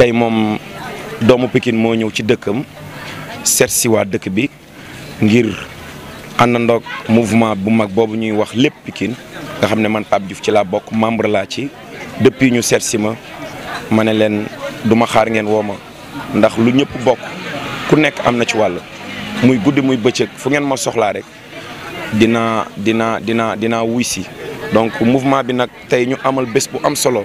tay mom doomu pikin mo ñew ci dekkam seet si waa bi ngir andandok mouvement bu mag bobu ñuy wax lepp pikin nga xamne man pap Diouf ci la bok membre la ci depuis ñu seet ma mané len duma xaar ngeen woma ndax lu ñepp bok ku nekk am ci muy guddi muy bëccëg fu ngeen ma soxla rek dina dina wisi dong wuy si donc mouvement bi nak tay ñu amal bespo bu am solo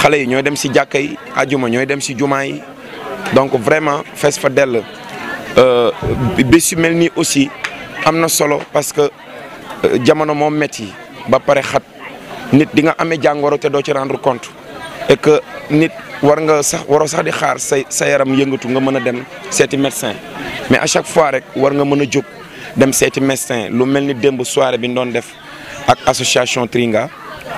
xale yi ñooy dem si jàkka yi ajuma ñooy dem si jumaa yi donc vraiment fees fa dell euh, bés yu mel nii aussi am na solo parce que euh, jamono moom métti ba pare xat nit di nga amee jàngoro te doo ci rendre compte et que nit war nga sax waroo sax di xaar sa sa yaram yëngatu nga mën a dem seeti médecin mais à chaque fois rek war nga mën a jóg dem seeti médecin lu mel ni démb soire bi ñu doon def ak association Tringa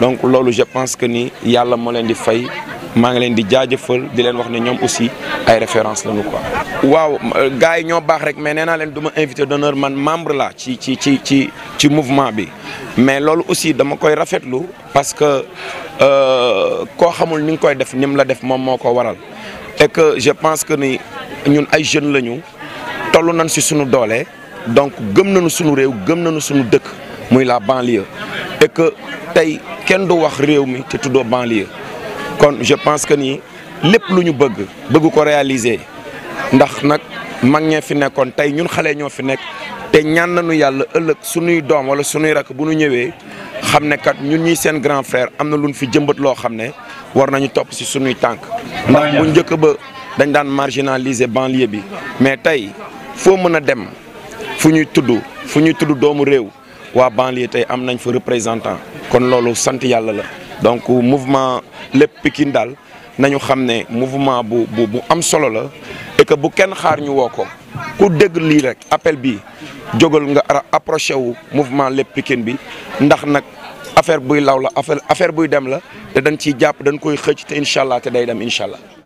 donc loolu je pense que ni yalla mo len di fay ma ngi len di jaajëfal di len wax ni ñom aussi ay référence lañu quoi. waaw gaay ño bax rek mais nee len duma du invité d'honneur man membre la ci ci ci ci ci mouvement bi mais loolu aussi dama koy rafetlu parce que euh ko xamul ni ngi koy def nim la def mom moko waral et que je pense que ni ñun ay jeune lañu tollu nañ ci suñu doole donc gëm nañu suñu réew gëm nañu suñu dëkk muy la banlieue et que tay kenn de wax te banlieue kon je pense que ni lepp luñu bëgg bëgg ko réaliser ndax nak fi ñun fi te ñaan nañu yalla ëlëk suñuy doom wala suñuy rak buñu ñëwé xamné kat ñun choses grand frère amna fi jëmbat lo xamné war nañu si suñuy tank. ndax bu choses. ba dañ marginaliser banlieue bi mais tay fo mëna dem wa banlieue tay am fa représentant kon la donc mouvement le Pikine dal nañu xamné mouvement bu bu am solo la et que bu kenn xaar ñu woko ku dégg rek appel bi mouvement LEP Pikine bi ndax affaire buy la affaire buy dem la dañ de japp dañ koy te